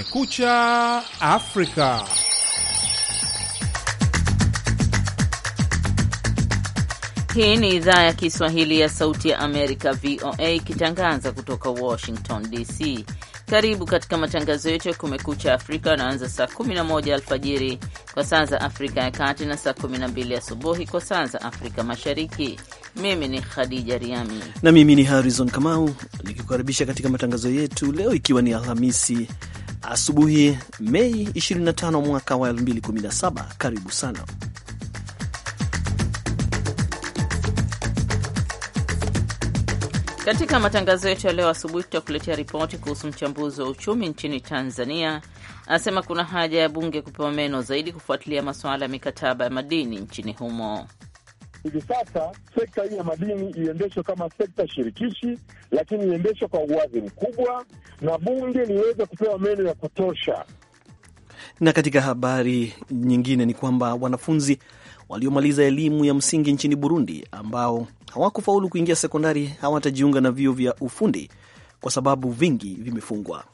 Kumekucha Afrika. Hii ni idhaa ya Kiswahili ya Sauti ya Amerika, VOA, ikitangaza kutoka Washington DC. Karibu katika matangazo yetu ya Kumekucha Afrika yanaanza saa 11 alfajiri kwa saa za Afrika ya Kati na saa 12 asubuhi kwa saa za Afrika Mashariki. Mimi ni Khadija Riami na mimi ni Harrison Kamau nikikukaribisha katika matangazo yetu leo, ikiwa ni Alhamisi asubuhi Mei 25 mwaka wa 2017. Karibu sana. Katika matangazo yetu ya leo asubuhi tutakuletea ripoti kuhusu mchambuzi wa uchumi nchini Tanzania anasema kuna haja ya bunge kupewa meno zaidi kufuatilia masuala ya mikataba ya madini nchini humo. Hivi sasa sekta hii ya madini iendeshwe kama sekta shirikishi, lakini iendeshwe kwa uwazi mkubwa, na bunge liweze kupewa meno ya kutosha. Na katika habari nyingine ni kwamba wanafunzi waliomaliza elimu ya msingi nchini Burundi ambao hawakufaulu kuingia sekondari hawatajiunga na vyuo vya ufundi kwa sababu vingi vimefungwa.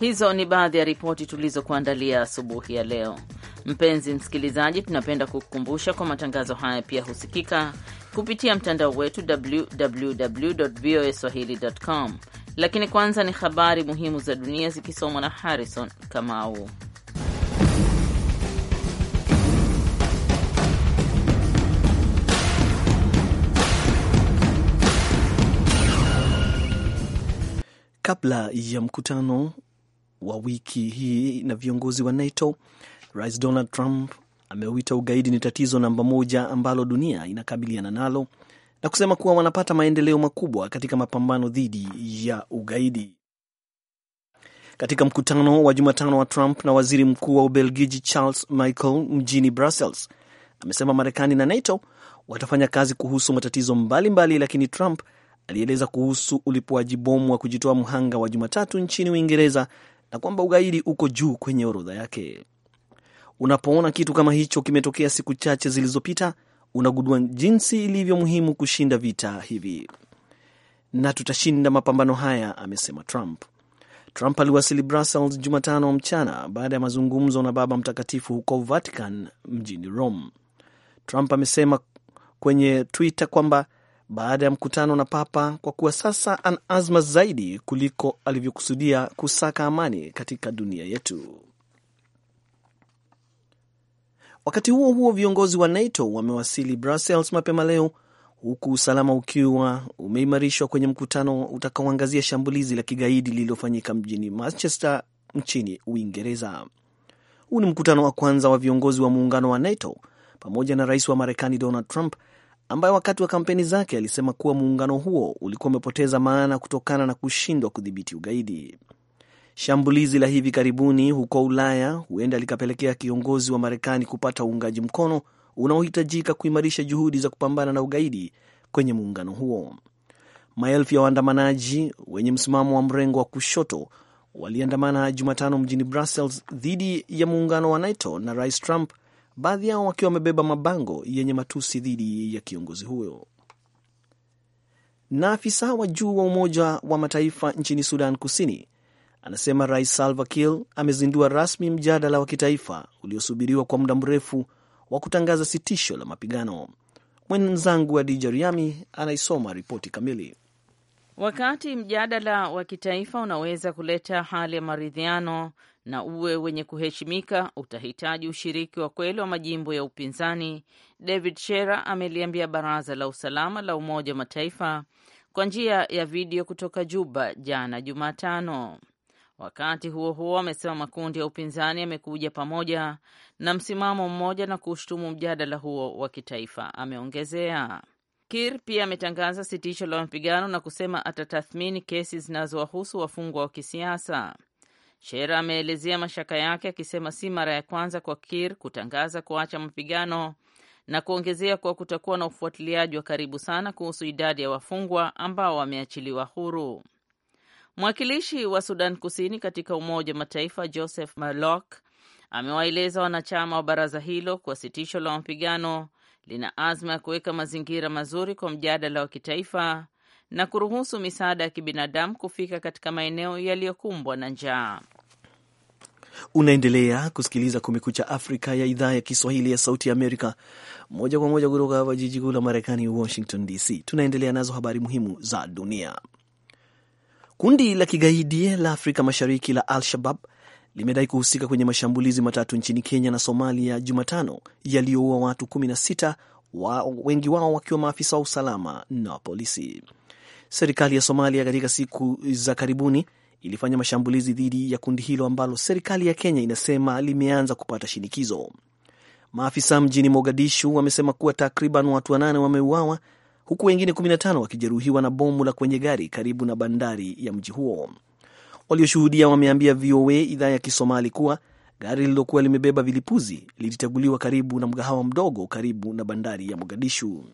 Hizo ni baadhi ya ripoti tulizokuandalia asubuhi ya leo. Mpenzi msikilizaji, tunapenda kukukumbusha kwa matangazo haya pia husikika kupitia mtandao wetu www voa swahili com lakini kwanza ni habari muhimu za dunia zikisomwa na Harrison Kamau. Kabla ya mkutano wa wiki hii na viongozi wa NATO, Rais Donald Trump ameuita ugaidi ni tatizo namba moja ambalo dunia inakabiliana nalo na kusema kuwa wanapata maendeleo makubwa katika mapambano dhidi ya ugaidi. Katika mkutano wa Jumatano wa Trump na waziri mkuu wa Ubelgiji Charles Michel mjini Brussels, amesema Marekani na NATO watafanya kazi kuhusu matatizo mbalimbali mbali, lakini Trump alieleza kuhusu ulipuaji bomu wa kujitoa mhanga wa Jumatatu nchini Uingereza na kwamba ugaidi uko juu kwenye orodha yake. Unapoona kitu kama hicho kimetokea siku chache zilizopita, unagudua jinsi ilivyo muhimu kushinda vita hivi, na tutashinda mapambano haya, amesema Trump. Trump aliwasili Brussels Jumatano mchana baada ya mazungumzo na Baba Mtakatifu huko Vatican mjini Rome. Trump amesema kwenye Twitter kwamba baada ya mkutano na Papa, kwa kuwa sasa ana azma zaidi kuliko alivyokusudia kusaka amani katika dunia yetu. Wakati huo huo, viongozi wa NATO wamewasili Brussels mapema leo, huku usalama ukiwa umeimarishwa kwenye mkutano utakaoangazia shambulizi la kigaidi lililofanyika mjini Manchester nchini Uingereza. Huu ni mkutano wa kwanza wa viongozi wa muungano wa NATO pamoja na rais wa Marekani Donald Trump ambaye wakati wa kampeni zake alisema kuwa muungano huo ulikuwa umepoteza maana kutokana na kushindwa kudhibiti ugaidi. Shambulizi la hivi karibuni huko Ulaya huenda likapelekea kiongozi wa Marekani kupata uungaji mkono unaohitajika kuimarisha juhudi za kupambana na ugaidi kwenye muungano huo. Maelfu ya waandamanaji wenye msimamo wa mrengo wa kushoto waliandamana Jumatano mjini Brussels dhidi ya muungano wa NATO na Rais Trump, baadhi yao wakiwa wamebeba mabango yenye matusi dhidi ya kiongozi huyo. Na afisa wa juu wa Umoja wa Mataifa nchini Sudan Kusini anasema Rais Salva Kiir amezindua rasmi mjadala wa kitaifa uliosubiriwa kwa muda mrefu wa kutangaza sitisho la mapigano. Mwenzangu Adija Riami anaisoma ripoti kamili. Wakati mjadala wa kitaifa unaweza kuleta hali ya maridhiano na uwe wenye kuheshimika, utahitaji ushiriki wa kweli wa majimbo ya upinzani, David Shera ameliambia Baraza la Usalama la Umoja wa Mataifa kwa njia ya video kutoka Juba jana Jumatano. Wakati huo huo, amesema makundi ya upinzani yamekuja pamoja na msimamo mmoja na kushutumu mjadala huo wa kitaifa, ameongezea. Kir pia ametangaza sitisho la mapigano na kusema atatathmini kesi zinazowahusu wafungwa wa kisiasa. Shera ameelezea mashaka yake akisema si mara ya kwanza kwa Kir kutangaza kuacha mapigano na kuongezea kuwa kutakuwa na ufuatiliaji wa karibu sana kuhusu idadi ya wafungwa ambao wameachiliwa huru. Mwakilishi wa Sudan Kusini katika Umoja wa Mataifa Joseph Malok amewaeleza wanachama wa baraza hilo kuwa sitisho la mapigano lina azma ya kuweka mazingira mazuri kwa mjadala wa kitaifa na kuruhusu misaada ya kibinadamu kufika katika maeneo yaliyokumbwa na njaa. Unaendelea kusikiliza Kumekucha Afrika ya idhaa ya Kiswahili ya Sauti Amerika, moja kwa moja kutoka hapa jiji kuu la Marekani, Washington DC. Tunaendelea nazo habari muhimu za dunia. Kundi la kigaidi la Afrika Mashariki la Al-Shabab limedai kuhusika kwenye mashambulizi matatu nchini Kenya na Somalia Jumatano yaliyoua watu 16 wa, wengi wao wakiwa maafisa wa usalama na polisi. Serikali ya Somalia katika siku za karibuni ilifanya mashambulizi dhidi ya kundi hilo ambalo serikali ya Kenya inasema limeanza kupata shinikizo. Maafisa mjini Mogadishu wamesema kuwa takriban watu wanane wameuawa huku wengine 15 wakijeruhiwa na bomu la kwenye gari karibu na bandari ya mji huo. Walioshuhudia wameambia VOA idhaa ya Kisomali kuwa gari lililokuwa limebeba vilipuzi liliteguliwa karibu na mgahawa mdogo karibu na bandari ya Mogadishu.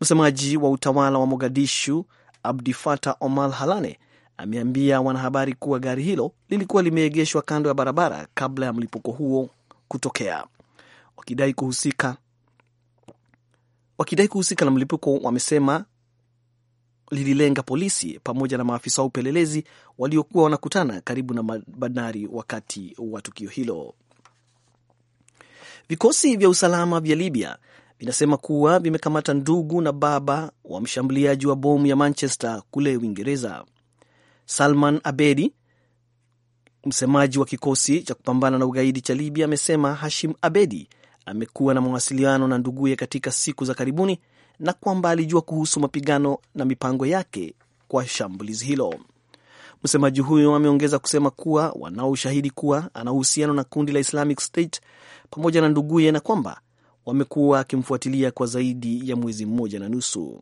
Msemaji wa utawala wa Mogadishu Abdi fata Omar Halane ameambia wanahabari kuwa gari hilo lilikuwa limeegeshwa kando ya barabara kabla ya mlipuko huo kutokea, wakidai kuhusika wakidai kuhusika na mlipuko, wamesema lililenga polisi pamoja na maafisa wa upelelezi waliokuwa wanakutana karibu na bandari wakati wa tukio hilo. Vikosi vya usalama vya Libya vinasema kuwa vimekamata ndugu na baba wa mshambuliaji wa bomu ya Manchester kule Uingereza. Salman Abedi, msemaji wa kikosi cha kupambana na ugaidi cha Libya, amesema Hashim Abedi amekuwa na mawasiliano na nduguye katika siku za karibuni na kwamba alijua kuhusu mapigano na mipango yake kwa shambulizi hilo. Msemaji huyo ameongeza kusema kuwa wanao ushahidi kuwa ana uhusiano na kundi la Islamic State pamoja na nduguye na kwamba wamekuwa akimfuatilia kwa zaidi ya mwezi mmoja na nusu.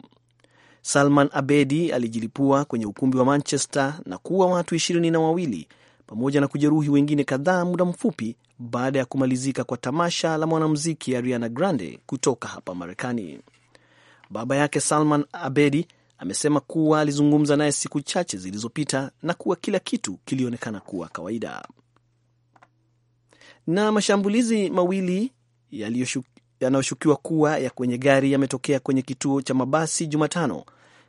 Salman Abedi alijilipua kwenye ukumbi wa Manchester na kuwa watu ishirini na wawili pamoja na kujeruhi wengine kadhaa muda mfupi baada ya kumalizika kwa tamasha la mwanamuziki Ariana Grande kutoka hapa Marekani. Baba yake Salman Abedi amesema kuwa alizungumza naye siku chache zilizopita na kuwa kila kitu kilionekana kuwa kawaida. Na mashambulizi mawili yanayoshukiwa kuwa ya kwenye gari yametokea kwenye kituo cha mabasi Jumatano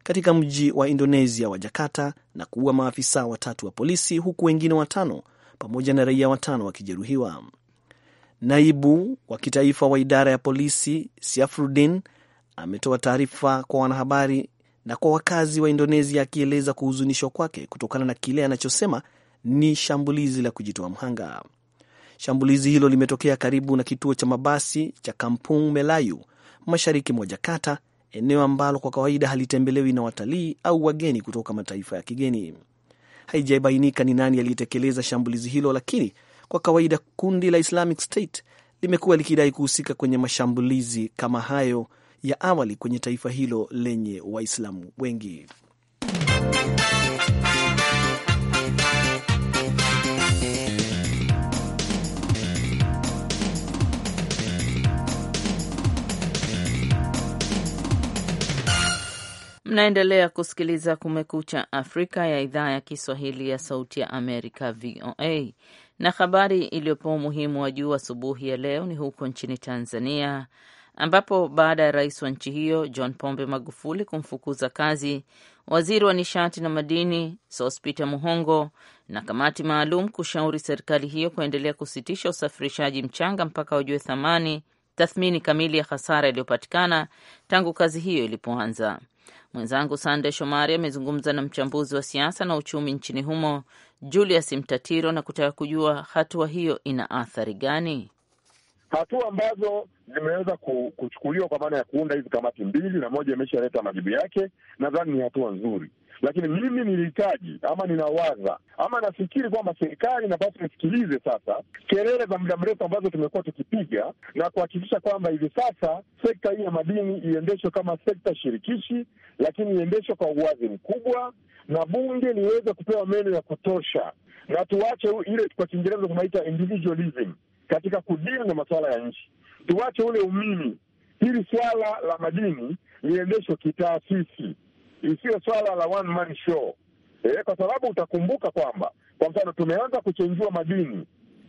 katika mji wa Indonesia wa Jakarta na kuua maafisa watatu wa polisi huku wengine watano pamoja na raia watano wakijeruhiwa. Naibu wa kitaifa wa idara ya polisi Siafrudin ametoa taarifa kwa wanahabari na kwa wakazi wa Indonesia akieleza kuhuzunishwa kwake kutokana na kile anachosema ni shambulizi la kujitoa mhanga. Shambulizi hilo limetokea karibu na kituo cha mabasi cha Kampung Melayu mashariki mwa Jakarta eneo ambalo kwa kawaida halitembelewi na watalii au wageni kutoka mataifa ya kigeni. Haijabainika ni nani aliyetekeleza shambulizi hilo, lakini kwa kawaida kundi la Islamic State limekuwa likidai kuhusika kwenye mashambulizi kama hayo ya awali kwenye taifa hilo lenye Waislamu wengi. Mnaendelea kusikiliza Kumekucha Afrika ya idhaa ya Kiswahili ya Sauti ya Amerika, VOA. Na habari iliyopewa umuhimu wa juu asubuhi ya leo ni huko nchini Tanzania, ambapo baada ya rais wa nchi hiyo John Pombe Magufuli kumfukuza kazi waziri wa nishati na madini Sospeter Muhongo na kamati maalum kushauri serikali hiyo kuendelea kusitisha usafirishaji mchanga mpaka wajue thamani tathmini kamili ya hasara iliyopatikana tangu kazi hiyo ilipoanza. Mwenzangu Sande Shomari amezungumza na mchambuzi wa siasa na uchumi nchini humo Julius Mtatiro na kutaka kujua hatua hiyo ina athari gani. Hatua ambazo zimeweza kuchukuliwa kwa maana ya kuunda hizi kamati mbili, na moja imeshaleta majibu yake, nadhani ni hatua nzuri lakini mimi nilihitaji ama ninawaza ama nafikiri kwamba serikali inapaswa isikilize sasa kelele za muda mrefu ambazo tumekuwa tukipiga na kuhakikisha kwamba hivi sasa sekta hii ya madini iendeshwe kama sekta shirikishi, lakini iendeshwe kwa uwazi mkubwa na bunge liweze kupewa meno ya kutosha, na tuache ile kwa Kiingereza tunaita individualism katika kudili na masuala ya nchi. Tuache ule umimi. Hili swala la madini liendeshwe kitaasisi isiyo swala la one man show eh, kwa sababu utakumbuka kwamba kwa mfano tumeanza kuchenjua madini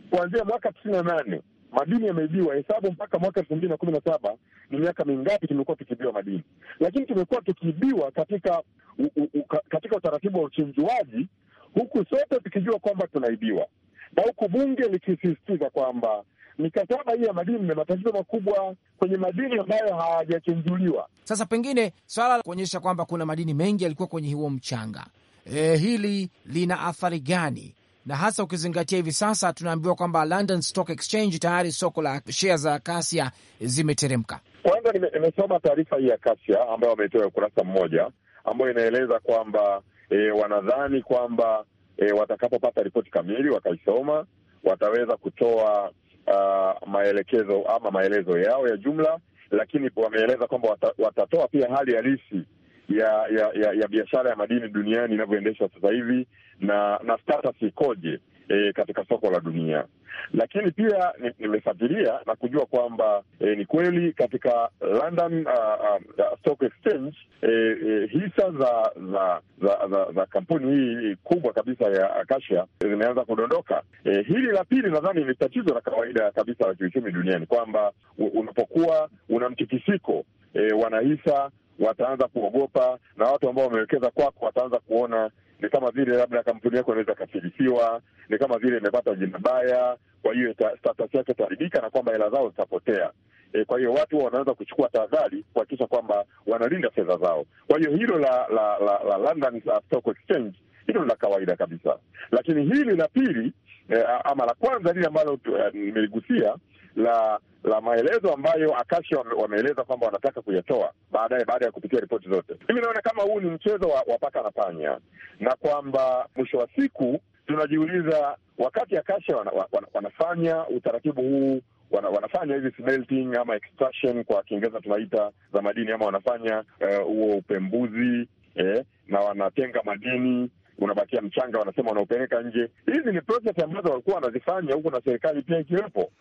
kuanzia mwaka tisini na nane madini yameibiwa hesabu mpaka mwaka elfu mbili na kumi na saba ni miaka mingapi tumekuwa tukiibiwa madini, lakini tumekuwa tukiibiwa katika u, u, u, katika utaratibu wa uchenjuaji, huku sote tukijua kwamba tunaibiwa na huku bunge likisisitiza kwamba mikataba hii ya madini na matatizo makubwa kwenye madini ambayo hawajachunguliwa. Sasa pengine swala la kuonyesha kwamba kuna madini mengi yalikuwa kwenye huo mchanga, e, hili lina athari gani? Na hasa ukizingatia hivi sasa tunaambiwa kwamba London Stock Exchange tayari soko la shea za Acacia zimeteremka. Kwanza nimesoma taarifa hii ya Acacia ambayo wameitoa ukurasa mmoja, ambayo inaeleza kwamba e, wanadhani kwamba e, watakapopata ripoti kamili wakaisoma wataweza kutoa uh, maelekezo ama maelezo yao ya jumla, lakini wameeleza kwamba watatoa pia hali halisi ya ya, ya, ya biashara ya madini duniani inavyoendeshwa sasa hivi na na status ikoje e, katika soko la dunia. Lakini pia nimefuatilia na kujua kwamba e, ni kweli katika London uh, uh, Stock Exchange e, e, hisa za za, za za za kampuni hii kubwa kabisa ya Acacia zimeanza kudondoka. E, hili la pili nadhani ni tatizo la kawaida kabisa la kiuchumi duniani kwamba unapokuwa una mtikisiko e, wanahisa wataanza kuogopa na watu ambao wamewekeza kwako wataanza kuona ni kama vile labda kampuni yako inaweza kafirisiwa ni kama vile imepata jina baya, kwa hiyo status yake itaharibika na kwamba hela zao zitapotea. E, kwa hiyo watu wanaweza kuchukua tahadhari kuhakikisha kwamba wanalinda fedha zao. Kwa hiyo hilo la la, la, la London Stock Exchange hilo ni la kawaida kabisa, lakini hili la pili eh, ama la kwanza lile ambalo eh, nimeligusia la la maelezo ambayo Akashi wameeleza kwamba wanataka kuyatoa baadaye, baada ya kupitia ripoti zote. Mimi naona kama huu ni mchezo wa, wa paka na panya, na kwamba mwisho wa siku tunajiuliza wakati Akasha wana, wana, wanafanya utaratibu huu wana, wanafanya hizi smelting ama extraction kwa Kiingereza tunaita za madini ama wanafanya eh, huo uh, upembuzi eh, na wanatenga madini unabakia mchanga, wanasema wanaupeleka nje. Hizi ni ambazo walikuwa wanazifanya huku na serikali pia ikiwepo.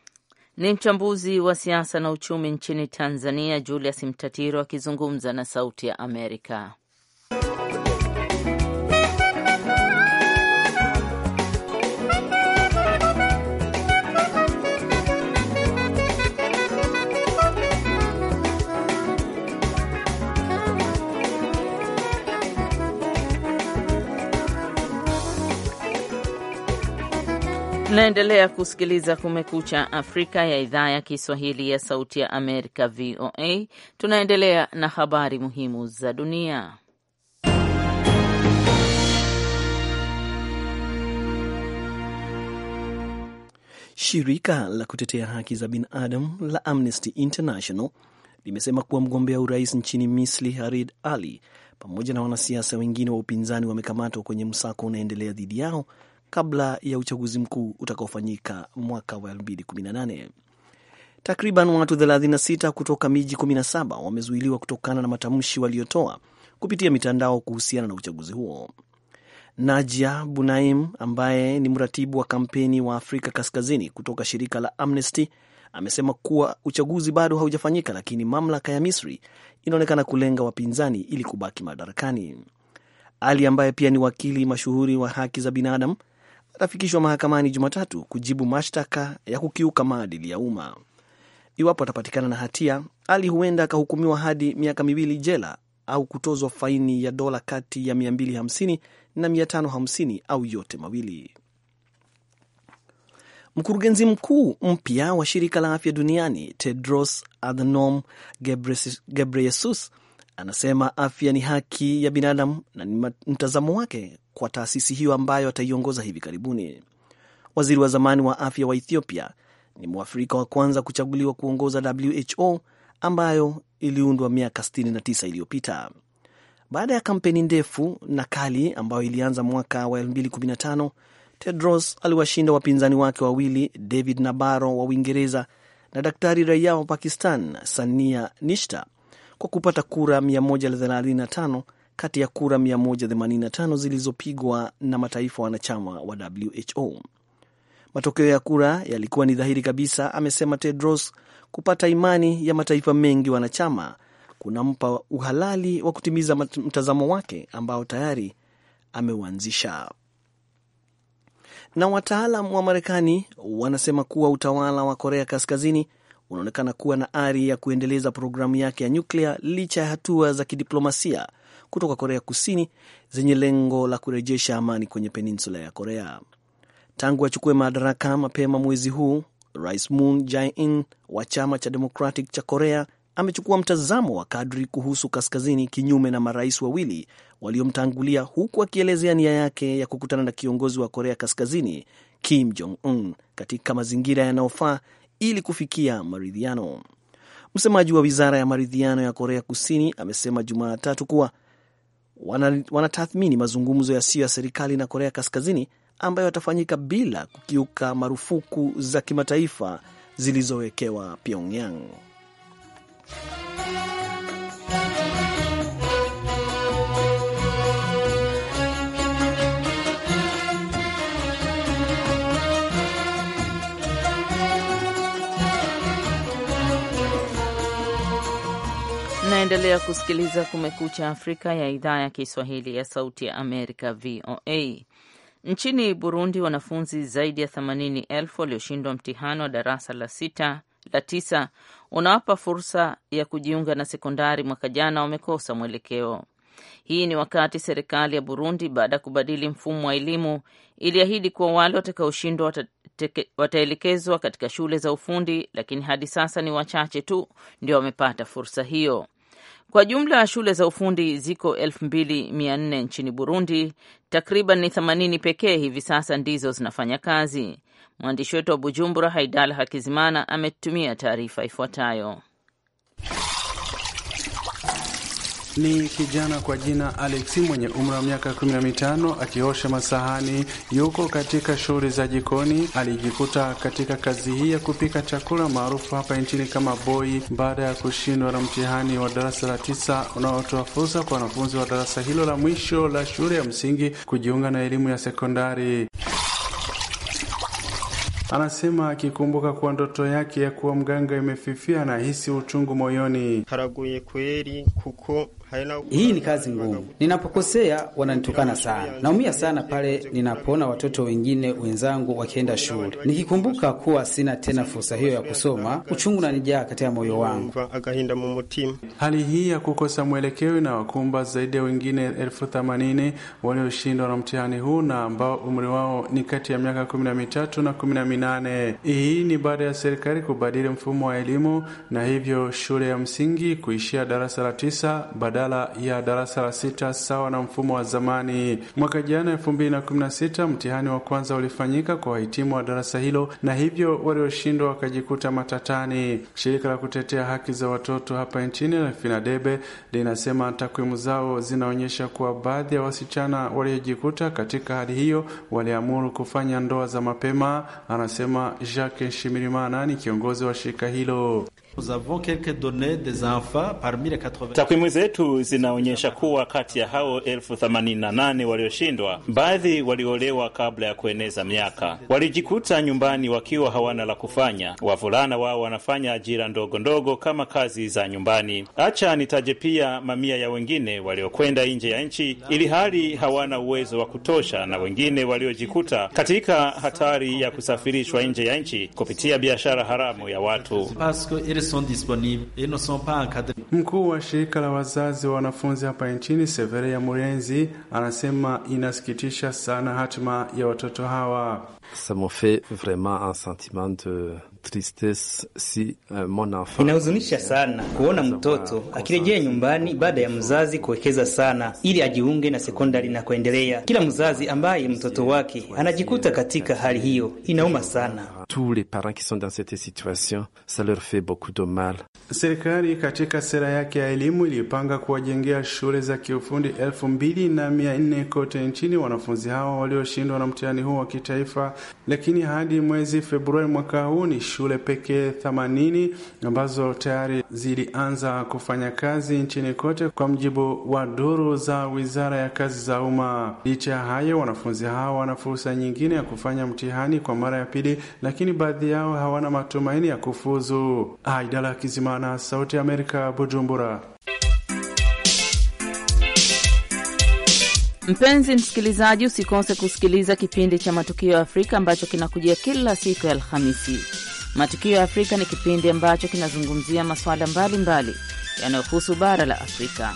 Ni mchambuzi wa siasa na uchumi nchini Tanzania, Julius Mtatiro akizungumza na Sauti ya Amerika. naendelea kusikiliza Kumekucha Afrika ya idhaa ya Kiswahili ya Sauti ya Amerika, VOA. Tunaendelea na habari muhimu za dunia. Shirika la kutetea haki za binadamu la Amnesty International limesema kuwa mgombea urais nchini Misri Harid Ali pamoja na wanasiasa wengine wa upinzani wamekamatwa kwenye msako unaendelea dhidi yao kabla ya uchaguzi mkuu utakaofanyika mwaka wa 2018. Takriban watu 36 kutoka miji 17 wamezuiliwa kutokana na matamshi waliotoa kupitia mitandao kuhusiana na uchaguzi huo. Najia Bunaim ambaye ni mratibu wa kampeni wa Afrika Kaskazini kutoka shirika la Amnesty amesema kuwa uchaguzi bado haujafanyika, lakini mamlaka ya Misri inaonekana kulenga wapinzani ili kubaki madarakani. Ali ambaye pia ni wakili mashuhuri wa haki za binadamu atafikishwa mahakamani Jumatatu kujibu mashtaka ya kukiuka maadili ya umma. Iwapo atapatikana na hatia, Ali huenda akahukumiwa hadi miaka miwili jela au kutozwa faini ya dola kati ya 250 na 550 au yote mawili. Mkurugenzi mkuu mpya wa shirika la afya duniani Tedros Adhanom Ghebreyesus anasema afya ni haki ya binadamu na ni mtazamo wake kwa taasisi hiyo ambayo ataiongoza hivi karibuni. Waziri wa zamani wa afya wa Ethiopia ni Mwafrika wa kwanza kuchaguliwa kuongoza WHO ambayo iliundwa miaka 69 iliyopita baada ya kampeni ndefu na kali ambayo ilianza mwaka wa 2015. Tedros aliwashinda wapinzani wake wawili David Nabaro wa Uingereza na daktari raia wa Pakistan Sania Nishta kwa kupata kura 135 kati ya kura 185 zilizopigwa na mataifa wanachama wa WHO. Matokeo ya kura yalikuwa ni dhahiri kabisa, amesema Tedros. Kupata imani ya mataifa mengi wanachama kunampa uhalali wa kutimiza mtazamo wake ambao tayari ameuanzisha. Na wataalam wa Marekani wanasema kuwa utawala wa Korea Kaskazini unaonekana kuwa na ari ya kuendeleza programu yake ya nyuklia licha ya hatua za kidiplomasia kutoka Korea Kusini zenye lengo la kurejesha amani kwenye peninsula ya Korea. Tangu achukue madaraka mapema mwezi huu, Rais Moon Jae-in wa chama cha Democratic cha Korea amechukua mtazamo wa kadri kuhusu kaskazini, kinyume na marais wawili waliomtangulia, huku akielezea nia yake ya kukutana na kiongozi wa Korea Kaskazini Kim Jong Un katika mazingira yanayofaa ili kufikia maridhiano. Msemaji wa wizara ya maridhiano ya Korea Kusini amesema Jumatatu kuwa wanatathmini mazungumzo yasiyo ya serikali na Korea Kaskazini ambayo yatafanyika bila kukiuka marufuku za kimataifa zilizowekewa Pyongyang. Unaendelea kusikiliza Kumekucha Afrika ya idhaa ya Kiswahili ya Sauti ya Amerika, VOA. Nchini Burundi, wanafunzi zaidi ya 80,000 walioshindwa mtihani wa darasa la sita la tisa unawapa fursa ya kujiunga na sekondari mwaka jana wamekosa mwelekeo. Hii ni wakati serikali ya Burundi, baada ya kubadili mfumo wa elimu, iliahidi kuwa wale watakaoshindwa wataelekezwa katika shule za ufundi, lakini hadi sasa ni wachache tu ndio wamepata fursa hiyo. Kwa jumla shule za ufundi ziko 2400 nchini Burundi, takriban ni 80 pekee hivi sasa ndizo zinafanya kazi. Mwandishi wetu wa Bujumbura, Haidal Hakizimana, ametumia taarifa ifuatayo. Ni kijana kwa jina Alexi mwenye umri wa miaka 15 akiosha masahani, yuko katika shughuli za jikoni. Alijikuta katika kazi hii ya kupika chakula maarufu hapa nchini kama boi baada ya kushindwa na mtihani wa darasa la tisa unaotoa fursa kwa wanafunzi wa darasa hilo la mwisho la shule ya msingi kujiunga na elimu ya sekondari. Anasema akikumbuka kuwa ndoto yake ya kuwa mganga imefifia, hisi uchungu moyoni. haraguye kweli kuko hii ni kazi ngumu. Ninapokosea wananitukana sana, naumia sana pale ninapoona watoto wengine wenzangu wakienda shule, nikikumbuka kuwa sina tena fursa hiyo ya kusoma, uchungu nanijaa katika moyo wangu. Hali hii ya kukosa mwelekeo inawakumba zaidi ya wengine elfu themanini walioshindwa na mtihani huu na ambao umri wao ni kati ya miaka kumi na mitatu na kumi na minne minane. Hii ni baada ya serikali kubadili mfumo wa elimu na hivyo shule ya msingi kuishia darasa la tisa badala ya darasa la sita sawa na mfumo wa zamani. Mwaka jana sita mtihani wa kwanza ulifanyika kwa wahitimu wa darasa hilo na hivyo walioshindwa wakajikuta matatani. Shirika la kutetea haki za watoto hapa nchini la Finadebe linasema takwimu zao zinaonyesha kuwa baadhi ya wasichana waliojikuta katika hali hiyo waliamuru kufanya ndoa za mapema. Ana anasema Jacques Nshimirimana ni kiongozi wa shirika hilo. Takwimu zetu zinaonyesha kuwa kati ya hao elfu themanini na nane walioshindwa, baadhi waliolewa kabla ya kueneza miaka, walijikuta nyumbani wakiwa hawana la kufanya. Wavulana wao wanafanya ajira ndogo ndogo kama kazi za nyumbani. Acha nitaje pia mamia ya wengine waliokwenda nje ya nchi ili hali hawana uwezo wa kutosha, na wengine waliojikuta katika hatari ya kusafirishwa nje ya nchi kupitia biashara haramu ya watu sont disponibles et ne sont pas encadrés. Mkuu wa shirika la wazazi wa wanafunzi hapa nchini severe ya Murenzi anasema inasikitisha sana hatima ya watoto hawa. Ça me fait vraiment un sentiment de tristesse si euh, mon enfant. Inahuzunisha sana kuona mtoto akirejea nyumbani baada ya mzazi kuwekeza sana ili ajiunge na sekondari na kuendelea. Kila mzazi ambaye mtoto wake anajikuta katika hali hiyo inauma sana tous les parents qui sont dans cette situation, ça leur fait beaucoup de mal. Serikali katika sera yake ya elimu ilipanga kuwajengea shule za kiufundi elfu mbili na mia nne kote nchini wanafunzi hao walioshindwa na mtihani huu wa kitaifa, lakini hadi mwezi Februari mwaka huu ni shule pekee 80 ambazo tayari zilianza kufanya kazi nchini kote, kwa mjibu wa duru za wizara ya kazi za umma. Licha ya hayo, wanafunzi hao wana fursa nyingine ya kufanya mtihani kwa mara ya pili, lakini lakini baadhi yao hawana matumaini ya kufuzu. Aidala ah, Kizimana, Sauti ya Amerika, Bujumbura. Mpenzi msikilizaji, usikose kusikiliza kipindi cha Matukio ya Afrika ambacho kinakujia kila siku ya Alhamisi. Matukio ya Afrika ni kipindi ambacho kinazungumzia masuala mbalimbali yanayohusu bara la Afrika.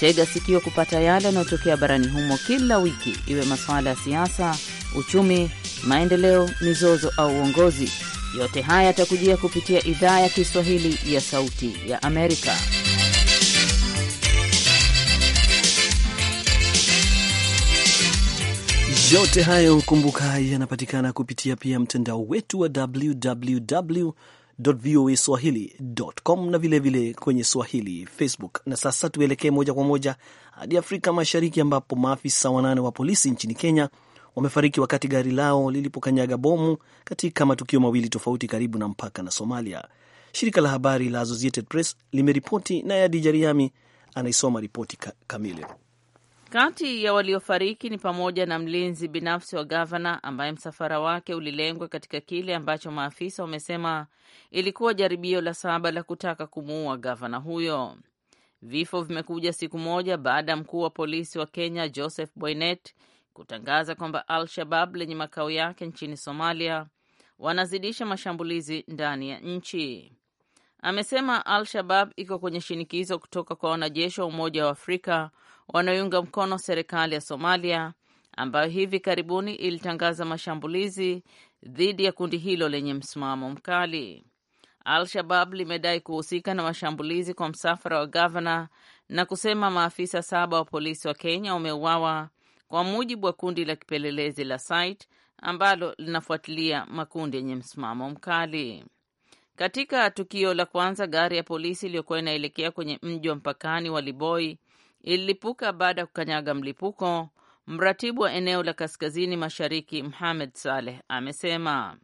Tega sikio kupata yale yanayotokea barani humo kila wiki, iwe masuala ya siasa, uchumi, maendeleo, mizozo au uongozi. Yote haya yatakujia kupitia idhaa ya Kiswahili ya Sauti ya Amerika. Yote hayo kumbuka, yanapatikana kupitia pia mtandao wetu wa www voa swahili.com na vilevile vile kwenye Swahili Facebook. Na sasa tuelekee moja kwa moja hadi Afrika Mashariki, ambapo maafisa wanane wa polisi nchini Kenya wamefariki wakati gari lao lilipokanyaga bomu katika matukio mawili tofauti karibu na mpaka na Somalia. Shirika la habari la Associated Press limeripoti, naye Adija Riami anaisoma ripoti kamili. Kati ya waliofariki ni pamoja na mlinzi binafsi wa gavana ambaye msafara wake ulilengwa katika kile ambacho maafisa wamesema ilikuwa jaribio la saba la kutaka kumuua gavana huyo. Vifo vimekuja siku moja baada ya mkuu wa polisi wa Kenya Joseph Boynet kutangaza kwamba Al-Shabab lenye makao yake nchini Somalia wanazidisha mashambulizi ndani ya nchi. Amesema Al-Shabab iko kwenye shinikizo kutoka kwa wanajeshi wa Umoja wa Afrika wanaoiunga mkono serikali ya Somalia ambayo hivi karibuni ilitangaza mashambulizi dhidi ya kundi hilo lenye msimamo mkali. Al-Shabab limedai kuhusika na mashambulizi kwa msafara wa gavana na kusema maafisa saba wa polisi wa Kenya wameuawa kwa mujibu wa kundi la kipelelezi la SITE ambalo linafuatilia makundi yenye msimamo mkali. Katika tukio la kwanza, gari ya polisi iliyokuwa inaelekea kwenye mji wa mpakani wa Liboi ililipuka baada ya kukanyaga mlipuko. Mratibu wa eneo la kaskazini mashariki Mohamed Saleh amesema.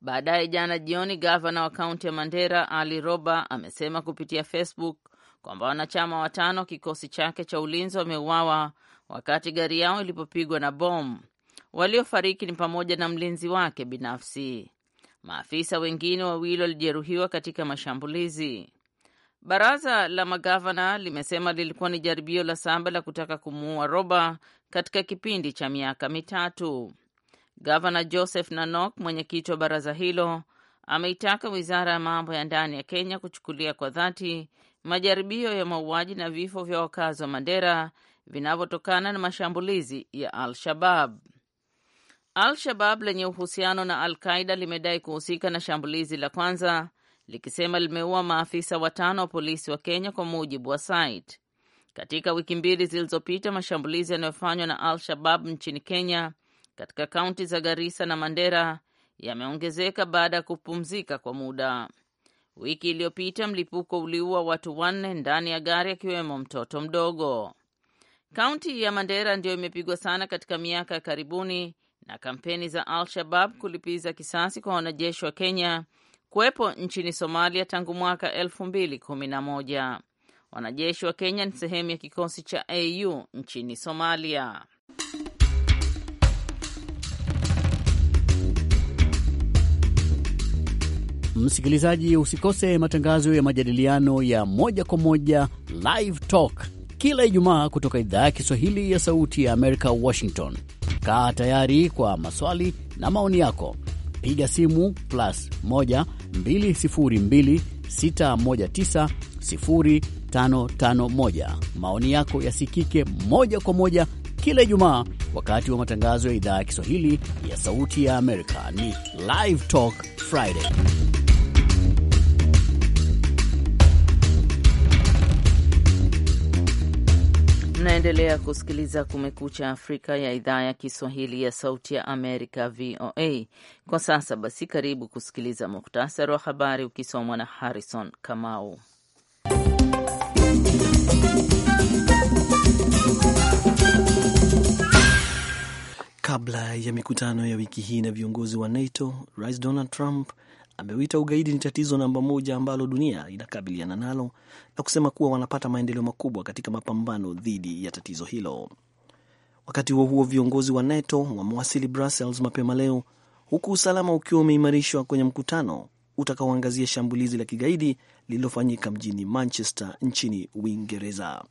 Baadaye jana jioni, gavana wa kaunti ya Mandera Ali Roba amesema kupitia Facebook kwamba wanachama watano wa kikosi chake cha ulinzi wameuawa wakati gari yao ilipopigwa na bomu. Waliofariki ni pamoja na mlinzi wake binafsi. Maafisa wengine wawili walijeruhiwa katika mashambulizi. Baraza la magavana limesema lilikuwa ni jaribio la saba la kutaka kumuua Roba katika kipindi cha miaka mitatu. Gavana Joseph Nanok, mwenyekiti wa baraza hilo, ameitaka wizara ya mambo ya ndani ya Kenya kuchukulia kwa dhati majaribio ya mauaji na vifo vya wakazi wa Mandera vinavyotokana na mashambulizi ya Al-Shabab. Al-Shabab lenye uhusiano na Al-Qaida limedai kuhusika na shambulizi la kwanza likisema limeua maafisa watano wa polisi wa Kenya kwa mujibu wa site. Katika wiki mbili zilizopita, mashambulizi yanayofanywa na Al-Shabab nchini Kenya katika kaunti za Garisa na Mandera yameongezeka baada ya kupumzika kwa muda. Wiki iliyopita mlipuko uliua watu wanne ndani ya gari akiwemo mtoto mdogo. Kaunti ya Mandera ndiyo imepigwa sana katika miaka ya karibuni na kampeni za Al-Shabab kulipiza kisasi kwa wanajeshi wa Kenya kuwepo nchini Somalia tangu mwaka elfu mbili kumi na moja. Wanajeshi wa Kenya ni sehemu ya kikosi cha AU nchini Somalia. Msikilizaji, usikose matangazo ya majadiliano ya moja kwa moja Live Talk kila Ijumaa kutoka idhaa ya Kiswahili ya Sauti ya Amerika, Washington. Kaa tayari kwa maswali na maoni yako, piga simu plus 122619551 Maoni yako yasikike moja kwa moja kila Ijumaa wakati wa matangazo ya idhaa ya Kiswahili ya Sauti ya Amerika. Ni Live Talk Friday. Mnaendelea kusikiliza Kumekucha Afrika ya idhaa ya Kiswahili ya Sauti ya Amerika, VOA. Kwa sasa basi, karibu kusikiliza muhtasari wa habari ukisomwa na Harrison Kamau. Kabla ya mikutano ya wiki hii na viongozi wa NATO, Rais Donald Trump amewita ugaidi ni tatizo namba moja ambalo dunia inakabiliana nalo na kusema kuwa wanapata maendeleo makubwa katika mapambano dhidi ya tatizo hilo. Wakati huo huo, viongozi wa NATO wamewasili Brussels mapema leo, huku usalama ukiwa umeimarishwa kwenye mkutano utakaoangazia shambulizi la kigaidi lililofanyika mjini Manchester nchini Uingereza.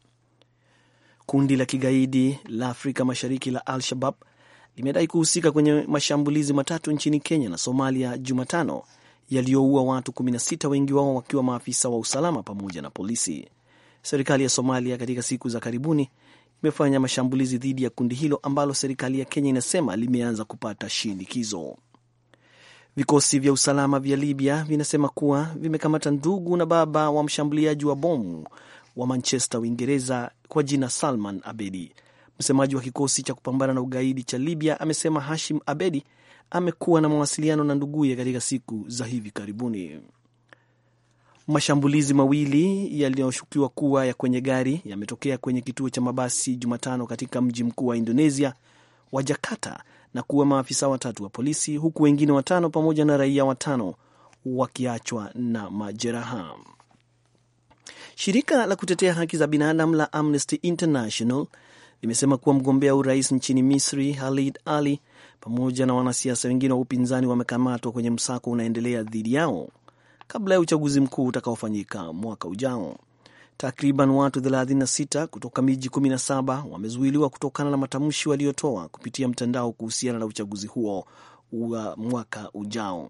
Kundi la kigaidi la Afrika Mashariki la Al-Shabab limedai kuhusika kwenye mashambulizi matatu nchini Kenya na Somalia Jumatano yaliyoua watu 16 wengi wao wakiwa maafisa wa usalama pamoja na polisi. Serikali ya Somalia katika siku za karibuni imefanya mashambulizi dhidi ya kundi hilo ambalo serikali ya Kenya inasema limeanza kupata shinikizo. Vikosi vya usalama vya Libya vinasema kuwa vimekamata ndugu na baba wa mshambuliaji wa bomu wa Manchester, Uingereza, kwa jina Salman Abedi. Msemaji wa kikosi cha kupambana na ugaidi cha Libya amesema Hashim Abedi amekuwa na mawasiliano na nduguye katika siku za hivi karibuni. Mashambulizi mawili yaliyoshukiwa kuwa ya kwenye gari yametokea kwenye kituo cha mabasi Jumatano katika mji mkuu wa Indonesia wa Jakarta na kuwa maafisa watatu wa polisi huku wengine watano pamoja na raia watano wakiachwa na majeraha. Shirika la kutetea haki za binadamu la Amnesty International limesema kuwa mgombea urais nchini Misri Halid Ali pamoja na wanasiasa wengine wa upinzani wamekamatwa kwenye msako unaendelea dhidi yao kabla ya uchaguzi mkuu utakaofanyika mwaka ujao. Takriban watu 36 kutoka miji 17 wamezuiliwa kutokana na matamshi waliotoa kupitia mtandao kuhusiana na uchaguzi huo wa mwaka ujao.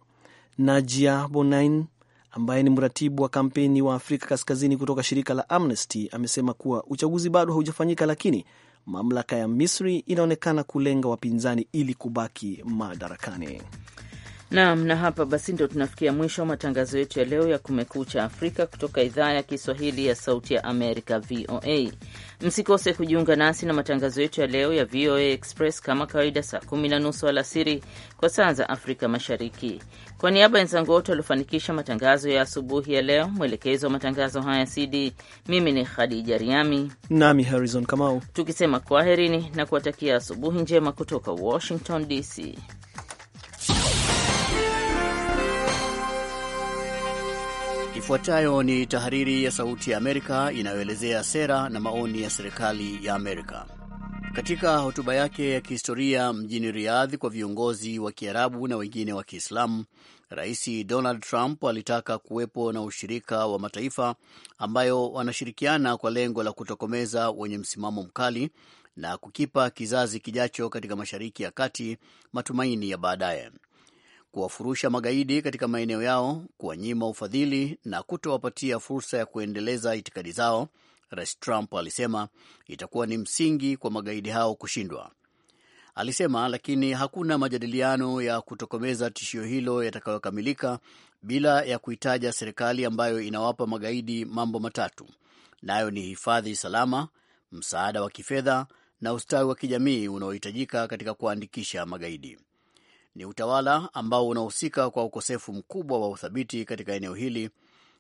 Najia Bonain ambaye ni mratibu wa kampeni wa Afrika Kaskazini kutoka shirika la Amnesty amesema kuwa uchaguzi bado haujafanyika, lakini mamlaka ya Misri inaonekana kulenga wapinzani ili kubaki madarakani. Naam, na hapa basi ndo tunafikia mwisho wa matangazo yetu ya leo ya Kumekucha Afrika kutoka idhaa ya Kiswahili ya Sauti ya Amerika, VOA. Msikose kujiunga nasi na matangazo yetu ya leo ya VOA Express kama kawaida, saa kumi na nusu alasiri kwa saa za Afrika Mashariki. Kwa niaba ya wenzangu wote waliofanikisha matangazo ya asubuhi ya leo, mwelekezo wa matangazo haya CD, mimi ni Khadija Riami nami Harrison Kamau, tukisema kwaherini na kuwatakia asubuhi njema kutoka Washington DC. Ifuatayo ni tahariri ya Sauti ya Amerika inayoelezea sera na maoni ya serikali ya Amerika. Katika hotuba yake ya kihistoria mjini Riyadh kwa viongozi wa Kiarabu na wengine wa Kiislamu, Rais Donald Trump alitaka kuwepo na ushirika wa mataifa ambayo wanashirikiana kwa lengo la kutokomeza wenye msimamo mkali na kukipa kizazi kijacho katika Mashariki ya Kati matumaini ya baadaye kuwafurusha magaidi katika maeneo yao, kuwanyima ufadhili na kutowapatia fursa ya kuendeleza itikadi zao, Rais Trump alisema itakuwa ni msingi kwa magaidi hao kushindwa. Alisema lakini hakuna majadiliano ya kutokomeza tishio hilo yatakayokamilika bila ya kuitaja serikali ambayo inawapa magaidi mambo matatu, nayo ni hifadhi salama, msaada wa kifedha na ustawi wa kijamii unaohitajika katika kuandikisha magaidi ni utawala ambao unahusika kwa ukosefu mkubwa wa uthabiti katika eneo hili,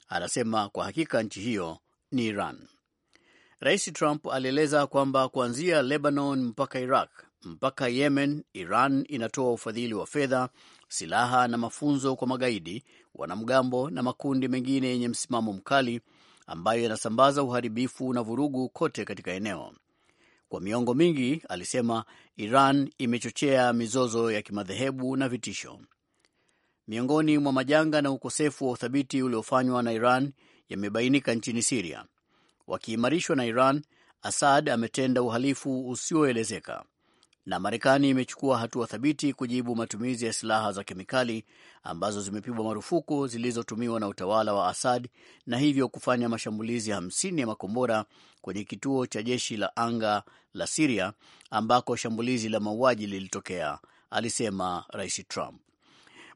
anasema. Kwa hakika nchi hiyo ni Iran. Rais Trump alieleza kwamba kuanzia Lebanon mpaka Iraq mpaka Yemen, Iran inatoa ufadhili wa fedha, silaha na mafunzo kwa magaidi, wanamgambo na makundi mengine yenye msimamo mkali ambayo yanasambaza uharibifu na vurugu kote katika eneo. Kwa miongo mingi, alisema, Iran imechochea mizozo ya kimadhehebu na vitisho. Miongoni mwa majanga na ukosefu wa uthabiti uliofanywa na Iran yamebainika nchini Siria. Wakiimarishwa na Iran, Assad ametenda uhalifu usioelezeka na Marekani imechukua hatua thabiti kujibu matumizi ya silaha za kemikali ambazo zimepigwa marufuku zilizotumiwa na utawala wa Assad na hivyo kufanya mashambulizi hamsini ya makombora kwenye kituo cha jeshi la anga la Siria ambako shambulizi la mauaji lilitokea, alisema Rais Trump.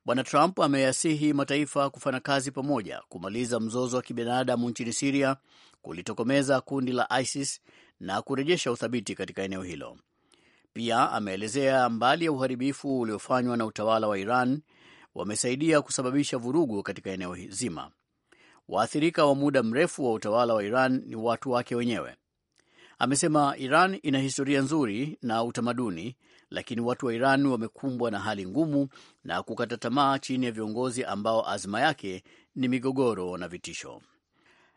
Bwana Trump ameyasihi mataifa kufanya kazi pamoja kumaliza mzozo wa kibinadamu nchini Siria, kulitokomeza kundi la ISIS na kurejesha uthabiti katika eneo hilo. Pia ameelezea mbali ya uharibifu uliofanywa na utawala wa Iran, wamesaidia kusababisha vurugu katika eneo zima. Waathirika wa muda mrefu wa utawala wa Iran ni watu wake wenyewe. Amesema Iran ina historia nzuri na utamaduni, lakini watu wa Iran wamekumbwa na hali ngumu na kukata tamaa chini ya viongozi ambao azma yake ni migogoro na vitisho.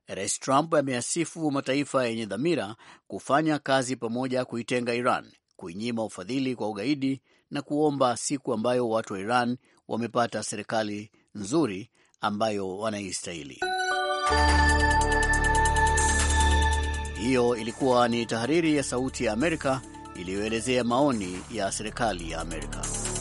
Rais Trump ameasifu mataifa yenye dhamira kufanya kazi pamoja kuitenga Iran kuinyima ufadhili kwa ugaidi na kuomba siku ambayo watu wa Iran wamepata serikali nzuri ambayo wanaistahili. Hiyo ilikuwa ni tahariri ya Sauti ya Amerika iliyoelezea maoni ya serikali ya Amerika.